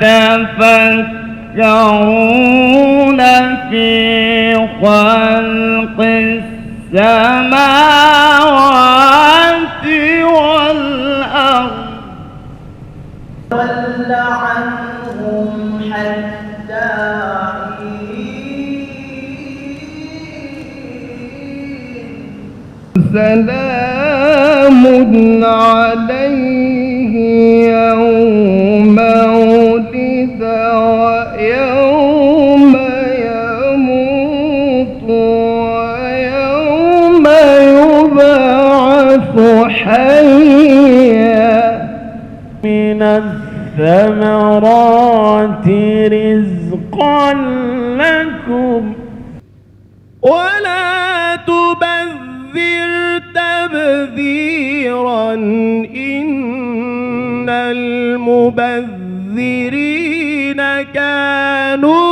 يتفكرون في خلق السماوات والأرض عنهم حتى سلام عليه يوم حيا من الثمرات رزقا لكم ولا تبذر تبذيرا إن المبذرين كانوا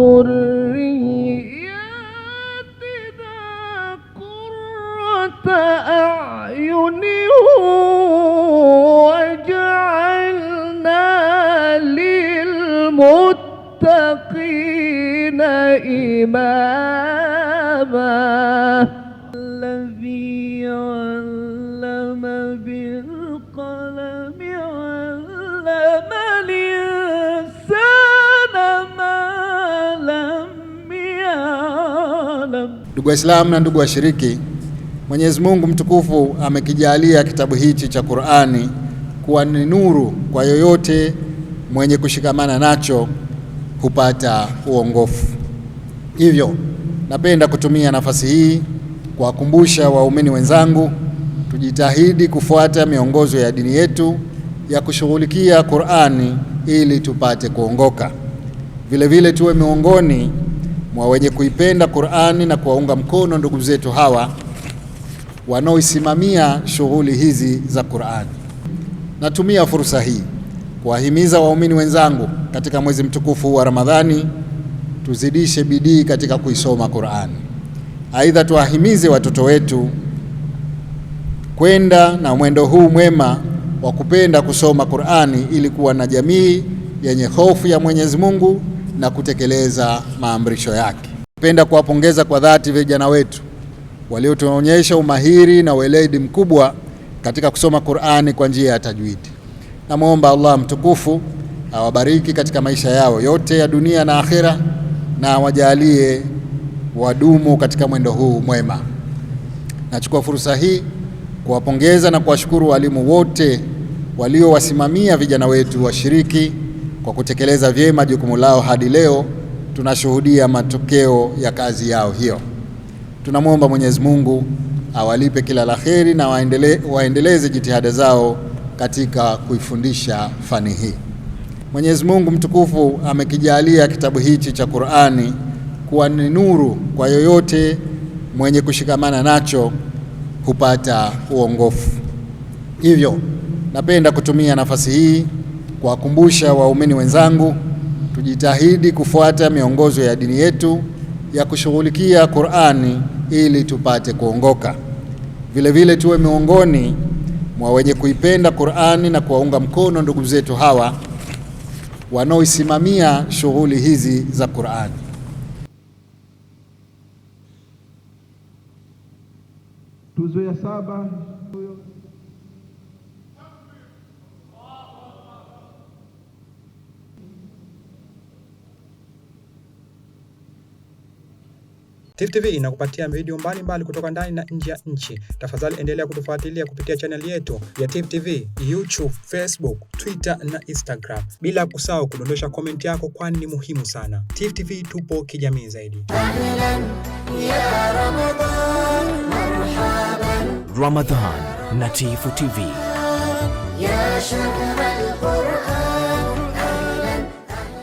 guru Ndugu Waislamu na ndugu washiriki, Mwenyezi Mungu mtukufu amekijalia kitabu hichi cha Qur'ani kuwa ni nuru kwa yoyote mwenye kushikamana nacho hupata uongofu. Hivyo napenda kutumia nafasi hii kuwakumbusha waumini wenzangu tujitahidi kufuata miongozo ya dini yetu ya kushughulikia Qur'ani ili tupate kuongoka. Vile vile tuwe miongoni mwa wenye kuipenda Qur'ani na kuwaunga mkono ndugu zetu hawa wanaoisimamia shughuli hizi za Qur'ani. Natumia fursa hii kuwahimiza waumini wenzangu katika mwezi mtukufu wa Ramadhani tuzidishe bidii katika kuisoma Qur'ani. Aidha, tuwahimize watoto wetu kwenda na mwendo huu mwema wa kupenda kusoma Qur'ani ili kuwa na jamii yenye hofu ya Mwenyezi Mungu na kutekeleza maamrisho yake. Napenda kuwapongeza kwa dhati vijana wetu waliotuonyesha umahiri na weledi mkubwa katika kusoma Qur'ani kwa njia ya tajwidi. Namwomba Allah mtukufu awabariki katika maisha yao yote ya dunia na akhera, na wajalie wadumu katika mwendo huu mwema. Nachukua fursa hii kuwapongeza na kuwashukuru walimu wote waliowasimamia vijana wetu washiriki kwa kutekeleza vyema jukumu lao hadi leo tunashuhudia matokeo ya kazi yao hiyo. Tunamwomba Mwenyezi Mungu awalipe kila la heri na waendele, waendeleze jitihada zao katika kuifundisha fani hii. Mwenyezi Mungu mtukufu amekijalia kitabu hichi cha Qur'ani kuwa ni nuru kwa yoyote mwenye kushikamana nacho hupata uongofu. Hivyo napenda kutumia nafasi hii kuwakumbusha waumini wenzangu tujitahidi kufuata miongozo ya dini yetu ya kushughulikia Qur'ani ili tupate kuongoka. Vile vile tuwe miongoni mwa wenye kuipenda Qur'ani na kuwaunga mkono ndugu zetu hawa wanaoisimamia shughuli hizi za Qur'ani. Tuzo ya saba Tifu TV inakupatia video mbalimbali mbali kutoka ndani na nje ya nchi. Tafadhali endelea kutufuatilia kupitia chaneli yetu ya Tifu TV, YouTube, Facebook, Twitter na Instagram, bila kusahau kudondosha komenti yako, kwani ni muhimu sana. Tifu TV tupo kijamii zaidi. Ramadhan na Tifu TV.